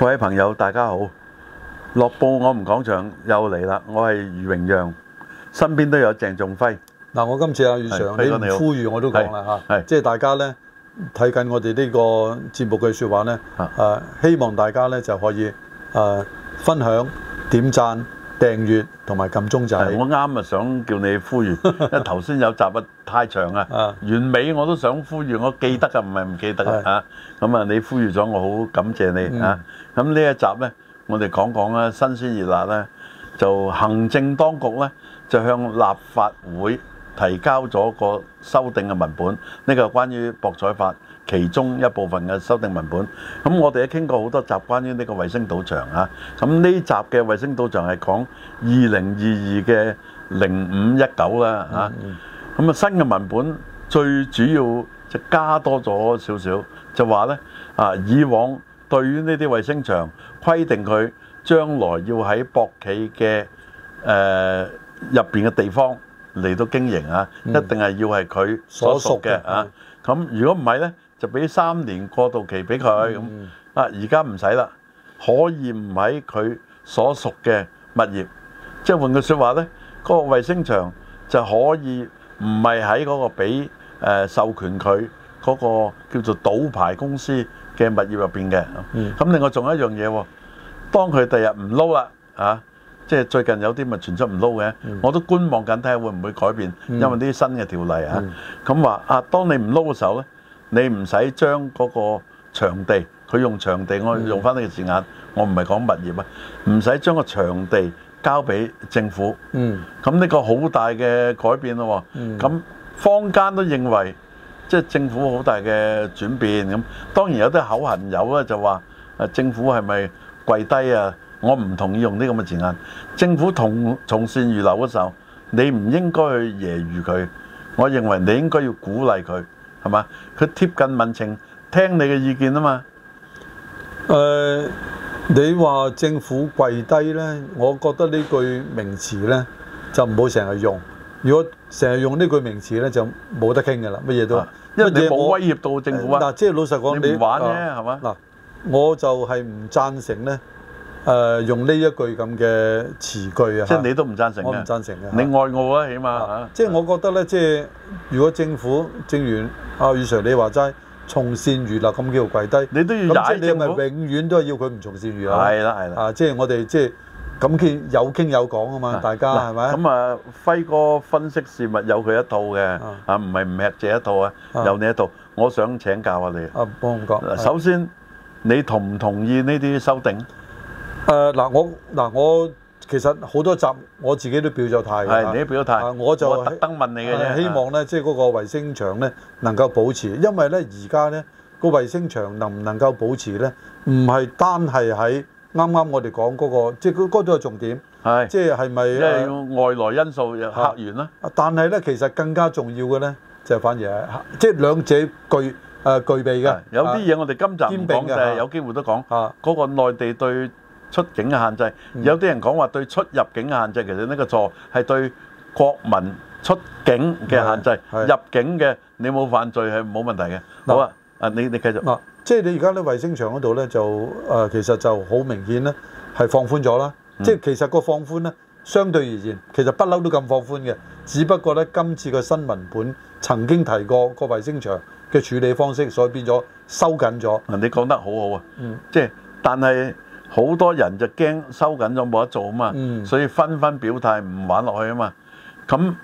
各位朋友，大家好！樂報我唔講場又嚟啦，我係余榮讓，身邊都有鄭仲輝。嗱、啊，我今次阿余 Sir 喺度呼籲，我都講啦吓，即係大家咧睇緊我哋呢個節目嘅說話咧，誒、啊，希望大家咧就可以誒、啊、分享點讚。訂閲同埋撳鐘就係，我啱啊想叫你呼籲， 因為頭先有集啊太長啊， 完美我都想呼籲，我記得啊唔係唔記得 啊咁啊你呼籲咗我好感謝你嚇，咁呢、 嗯啊、一集呢，我哋講講啦、啊，新鮮熱辣呢，就行政當局呢，就向立法會。提交咗個修訂嘅文本，呢個關於博彩法其中一部分嘅修訂文本，咁我哋傾過好多集關於呢個衛星賭場，咁呢集嘅衛星賭場係講二零二二嘅零五一九啦，咁新嘅文本最主要就加多咗少少，就話呢，以往對於呢啲衛星場規定佢將來要喺博企嘅入邊嘅地方嚟到經營啊，一定係要係佢所屬嘅嚇。咁如果唔係咧，就俾三年過渡期俾佢。咁啊，而家唔使啦，可以唔喺佢所屬嘅物業。即係換句説話咧，嗰個衞星場就可以唔係喺嗰個俾誒授權佢嗰個叫做賭牌公司嘅物業入邊嘅。咁另外仲有一樣嘢喎，當佢第日唔撈啦啊！即係最近有啲咪傳出唔撈嘅，嗯、我都觀望緊，睇下會唔會改變，嗯、因為啲新嘅條例啊，咁話、嗯、啊，當你唔撈嘅時候咧，你唔使將嗰個場地，佢用場地，嗯、我用翻呢個字眼，我唔係講物業啊，唔使將個場地交俾政府，咁呢、嗯、個好大嘅改變咯，咁、嗯啊、坊間都認為即係、就是、政府好大嘅轉變，咁當然有啲口痕友咧就話啊，政府係咪跪低啊？我唔同意用呢咁嘅字眼。政府從從善如流嗰時候，你唔應該去揶揄佢。我認為你應該要鼓勵佢，係嘛？佢貼近民情，聽你嘅意見啊嘛。誒、呃，你話政府跪低咧，我覺得呢句名詞咧就唔好成日用。如果成日用呢句名詞咧，就冇得傾㗎啦，乜嘢都、啊、因為你冇威脅到政府啊。嗱、呃呃，即係老實講，你玩嘅係嘛？嗱、呃，我就係唔贊成咧。誒用呢一句咁嘅詞句啊！即係你都唔贊成嘅，我唔贊成嘅。你愛我啊，起碼嚇！即係我覺得咧，即係如果政府正如，阿余 Sir，你話齋，從善如流咁叫跪低。你都要踩你係咪永遠都係要佢唔從善如流？係啦係啦啊！即係我哋即係咁傾有傾有講啊嘛，大家係咪？咁啊，輝哥分析事物有佢一套嘅啊，唔係唔劈這一套啊，有你一套。我想請教下你啊，邦哥。首先，你同唔同意呢啲修訂？誒，嗱我，嗱我，其實好多集我自己都表咗態嘅，係你都表咗態，我就特登問你嘅啫。希望咧，即係嗰個衛星場咧能夠保持，因為咧而家咧個衛星場能唔能夠保持咧，唔係單係喺啱啱我哋講嗰個，即係嗰嗰都係重點，係即係係咪？即係外來因素客源啦。但係咧，其實更加重要嘅咧，就反而即係兩者具誒具備嘅。有啲嘢我哋今集唔講，就係有機會都講。嗰個內地對出境嘅限制，有啲人講話對出入境嘅限制，其實呢個錯係對國民出境嘅限制，入境嘅你冇犯罪係冇問題嘅。好啊，啊你你繼續。嗱，即係你而家咧，衞星場嗰度咧就誒，其實就好明顯咧，係放寬咗啦。即係其實個放寬咧，相對而言，其實不嬲都咁放寬嘅，只不過咧，今次個新文本曾經提過個衞星場嘅處理方式，所以變咗收緊咗。嗱，你講得好好啊，嗯，即係，但係。好多人就驚收緊咗冇得做啊嘛，嗯、所以紛紛表態唔玩落去啊嘛。咁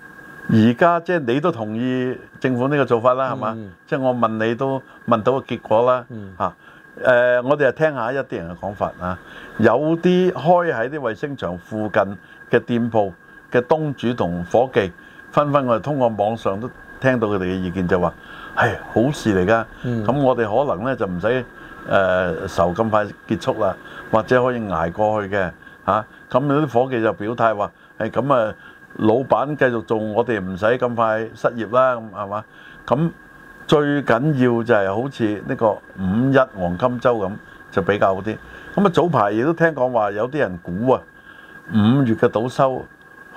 而家即係你都同意政府呢個做法啦，係嘛、嗯？即係我問你都問到個結果啦。嚇、嗯，誒、啊呃，我哋就聽下一啲人嘅講法啊。有啲開喺啲衛星場附近嘅店鋪嘅東主同伙計，紛紛我哋通過網上都聽到佢哋嘅意見，就話係好事嚟㗎。咁、嗯嗯、我哋可能咧就唔使。誒愁咁快結束啦，或者可以捱過去嘅嚇，咁有啲夥計就表態話：誒咁啊，老闆繼續做，我哋唔使咁快失業啦，咁係嘛？咁最緊要就係好似呢個五一黃金週咁，就比較好啲。咁啊，早排亦都聽講話有啲人估啊，五月嘅賭收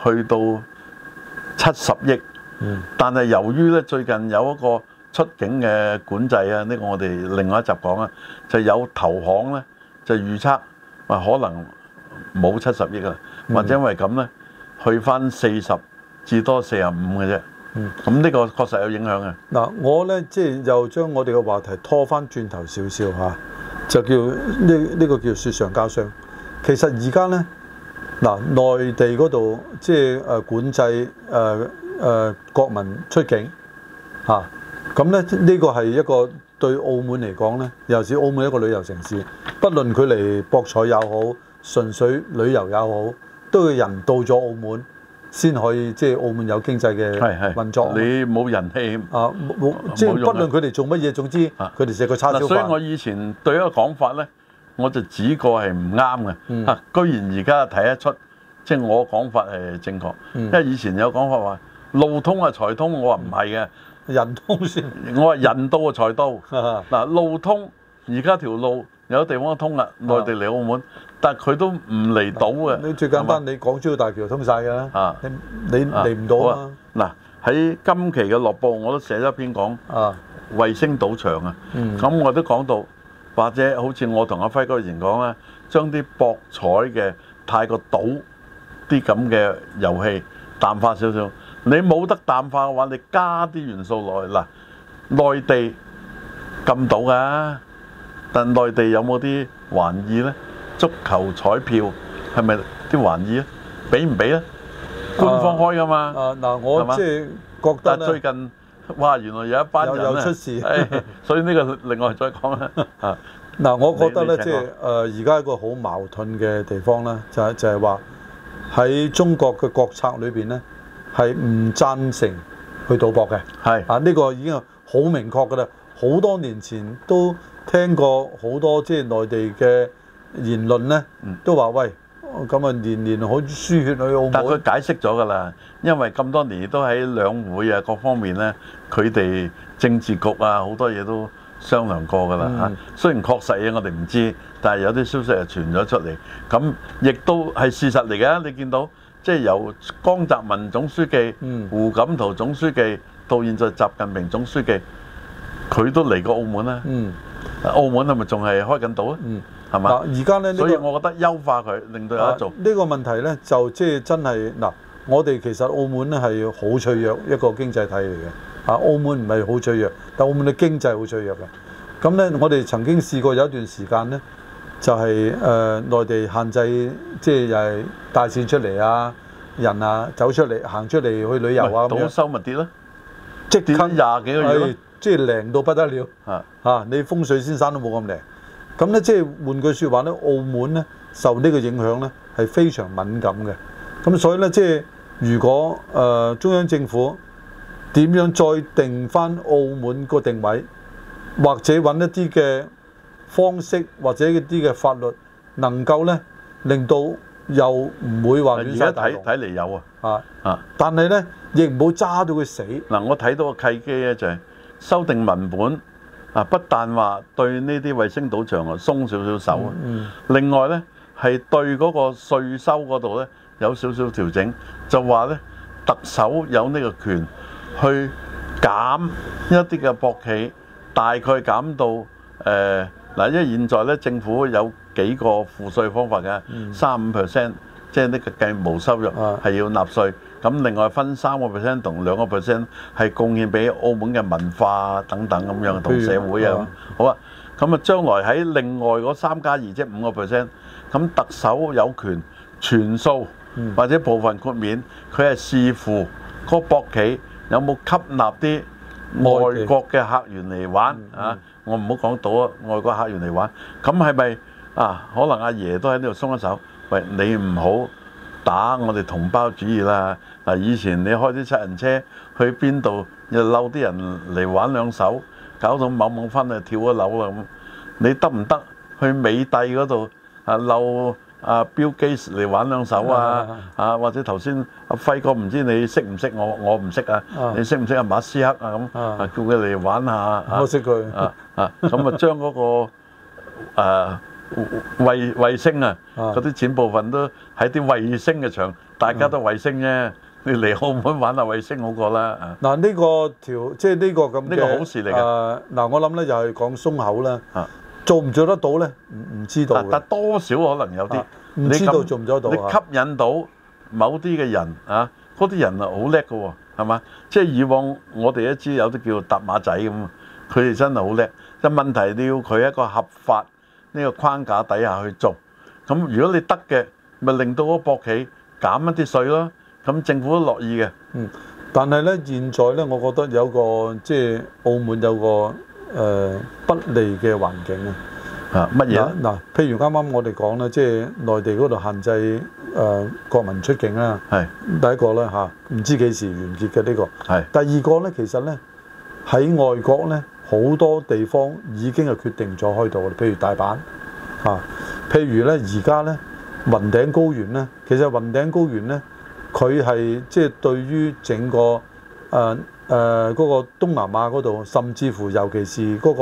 去到七十億，但係由於咧最近有一個出境嘅管制啊，呢、這個我哋另外一集講啊，就是、有投行咧就預測話可能冇七十億啊，或者因為咁咧，去翻四十至多四十五嘅啫。嗯，咁呢個確實有影響嘅。嗱、嗯， 我咧即係又將我哋嘅話題拖翻轉頭少少嚇，就叫呢呢、這個叫雪上加霜。其實而家咧，嗱、啊，內地嗰度即係誒管制誒誒、呃呃、國民出境嚇。啊咁咧呢個係一個對澳門嚟講咧，尤其是澳門一個旅遊城市，不論佢嚟博彩又好，純粹旅遊又好，都要人到咗澳門先可以，即係澳門有經濟嘅係係運作。你冇人氣啊，冇即係不論佢哋做乜嘢，總之佢哋食個叉燒飯。所以我以前對一個講法咧，我就指過係唔啱嘅。嗯啊，居然而家睇得出，即係我講法係正確。嗯，因為以前有講法話路通啊財通，我話唔係嘅。人通先，我話人到啊財到，嗱路通，而家條路有地方通啦，內地嚟澳門，但係佢都唔嚟到啊。你最簡單，你港珠澳大橋通曬㗎啦，你你嚟唔到啊。嗱喺今期嘅樂報，我都寫咗一篇講啊，衞星賭場啊，咁我都講到，或者好似我同阿輝哥以前講啦，將啲博彩嘅泰國賭啲咁嘅遊戲淡化少少。你冇得淡化嘅話，你加啲元素落去來嗱。內地禁到㗎，但內地有冇啲還意咧？足球彩票係咪啲玩意啊？俾唔俾咧？官方開㗎嘛？嗱、呃呃，我即係覺得吧最近哇，原來有一班人又出事， 哎、所以呢個另外再講啦。嗱、 呃，我覺得咧，即係誒，而家、呃、一個好矛盾嘅地方咧，就係、是、就係話喺中國嘅國策裏邊咧。係唔贊成去賭博嘅是、啊，係啊呢個已經好明確㗎啦。好多年前都聽過好多即係內地嘅言論咧，嗯、都話喂，咁啊年年好輸血去澳門。但佢解釋咗㗎啦，因為咁多年都喺兩會啊各方面咧，佢哋政治局啊好多嘢都商量過㗎啦嚇。雖然確實嘢我哋唔知，但係有啲消息係傳咗出嚟，咁亦都係事實嚟嘅。你見到？即係由江澤民總書記、胡錦濤總書記到現在習近平總書記，佢都嚟過澳門啦、啊。嗯、澳門係咪仲係開緊賭啊？係嘛、嗯？而家咧，呢所以我覺得優化佢，令到有得做。呢個問題咧，就即係真係嗱，我哋其實澳門咧係好脆弱一個經濟體嚟嘅。啊，澳門唔係好脆弱，但澳門嘅經濟好脆弱嘅。咁咧，我哋曾經試過有一段時間咧。就係誒內地限制，即係又係帶線出嚟啊，人啊走出嚟行出嚟去旅遊啊咁樣，收密啲咯，即係點廿幾個月、啊、即係靚到不得了啊！嚇、啊、你風水先生都冇咁靚，咁、嗯、咧即係換句説話咧，澳門咧受呢個影響咧係非常敏感嘅，咁、嗯、所以咧即係如果誒、呃、中央政府點樣再定返澳門個定位，或者揾一啲嘅。方式或者一啲嘅法律能夠咧，令到又唔會話亂曬大龍。而家睇睇嚟有啊，啊啊！但係咧，亦唔好揸到佢死。嗱，我睇到個契機咧就係修訂文本啊，不但話對呢啲衞星賭場啊鬆少少手，另外咧係對嗰個稅收嗰度咧有少少調整，就話咧特首有呢個權去減一啲嘅博企，大概減到誒。嗱，因為現在咧，政府有幾個賦稅方法嘅，三五 percent，即係呢個計無收入係、啊、要納稅，咁另外分三個 percent 同兩個 percent 係貢獻俾澳門嘅文化等等咁樣同如社會啊。嗯、好啊，咁啊將來喺另外嗰三加二即五個 percent，咁特首有權全數、嗯、或者部分豁免，佢係視乎個博企有冇吸納啲外國嘅客源嚟玩啊。嗯嗯嗯我唔好講到啊，外國客人嚟玩，咁係咪啊？可能阿爺都喺呢度鬆一手，喂，你唔好打我哋同胞主意啦！嗱、啊，以前你開啲七人車去邊度又溜啲人嚟玩兩手，搞到某某翻去跳咗樓啦咁、啊，你得唔得去美帝嗰度啊溜？啊，Bill Gates 嚟玩兩手啊！啊，或者頭先阿輝哥唔知你識唔識我？我唔識啊！你識唔識阿馬斯克啊？咁啊，叫佢嚟玩下。我識佢啊啊！咁啊，將嗰個啊衛星啊，嗰啲錢部分都喺啲衛星嘅場，大家都衛星啫。你嚟澳門玩下衛星好過啦。嗱，呢個條即係呢個咁嘅。呢個好事嚟㗎。嗱，我諗咧就係講鬆口啦。做唔做得到咧？唔唔知道啦。但係多少可能有啲，唔知道做唔做到啊？你吸引到某啲嘅人啊，嗰啲人啊好叻㗎喎，係嘛？即係以往我哋都知有啲叫疊碼仔咁，佢哋真係好叻。即係問題你要佢一個合法呢個框架底下去做。咁如果你得嘅，咪令到嗰個博企減一啲稅咯。咁政府都樂意嘅。嗯。但係咧，現在咧，我覺得有個即係澳門有個。誒、呃、不利嘅環境啊！嚇乜嘢嗱，譬如啱啱我哋講啦，即、就、係、是、內地嗰度限制誒、呃、國民出境啦、啊。係是第一個啦、啊、嚇，唔知幾時完結嘅呢、這個。係是第二個咧，其實咧喺外國咧好多地方已經係決定咗開道嘅，譬如大阪嚇、啊，譬如咧而家咧雲頂高原咧，其實雲頂高原咧佢係即係對於整個誒。呃誒嗰、呃嗰個東南亞嗰度，甚至乎尤其是嗰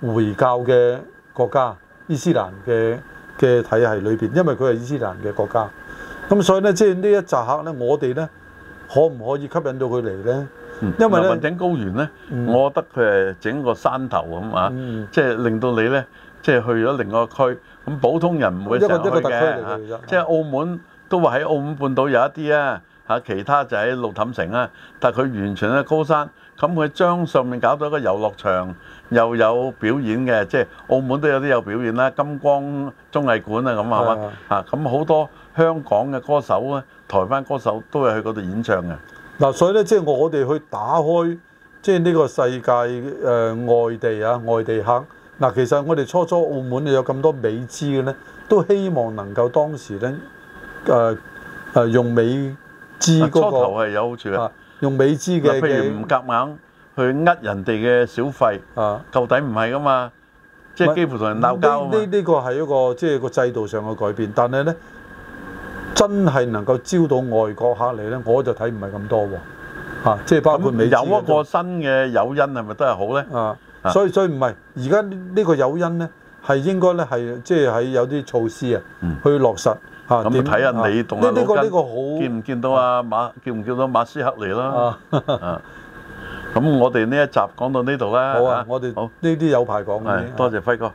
個回教嘅國家，伊斯蘭嘅嘅體系裏邊，因為佢係伊斯蘭嘅國家。咁所以咧，即係呢一紮客咧，我哋咧可唔可以吸引到佢嚟咧？嗯、因為咧，雲頂高原咧，嗯、我覺得佢係整個山頭咁啊，嗯、即係令到你咧，即係去咗另外一個區。咁普通人唔會就嘅、嗯、即係澳門都話喺澳門半島有一啲啊。嚇，其他就喺路氹城啦，但係佢完全係高山，咁佢將上面搞到一個遊樂場，又有表演嘅，即係澳門都有啲有表演啦，金光綜藝館啊咁啊嘛，嚇咁好的多香港嘅歌手啊，台灣歌手都係去嗰度演唱嘅。嗱、啊，所以咧，即、就、係、是、我哋去打開即係呢個世界誒、呃、外地啊，外地客嗱、啊，其實我哋初初澳門有咁多美資嘅咧，都希望能夠當時咧誒誒用美字、那個、初頭係有好處嘅、啊，用美資嘅譬如唔夾硬，硬去呃人哋嘅小費，啊，到底唔係㗎嘛，啊、即係幾乎同人鬧交，呢呢個係一個即係個制度上嘅改變，但係咧真係能夠招到外國客嚟咧，我就睇唔係咁多喎，啊，即係包括美資、嗯、有一個新嘅誘因係咪都係好咧？啊，所以所以唔係而家呢個誘因咧，係應該咧係即係喺有啲措施啊去落實。嗯咁你睇下你同阿老金、這個這個、見唔見到啊？馬？見唔見到馬斯克嚟啦？咁、 啊、我哋呢一集講到呢度啦。好啊，啊我哋、啊、好，呢啲有排講嘅。多謝輝哥。啊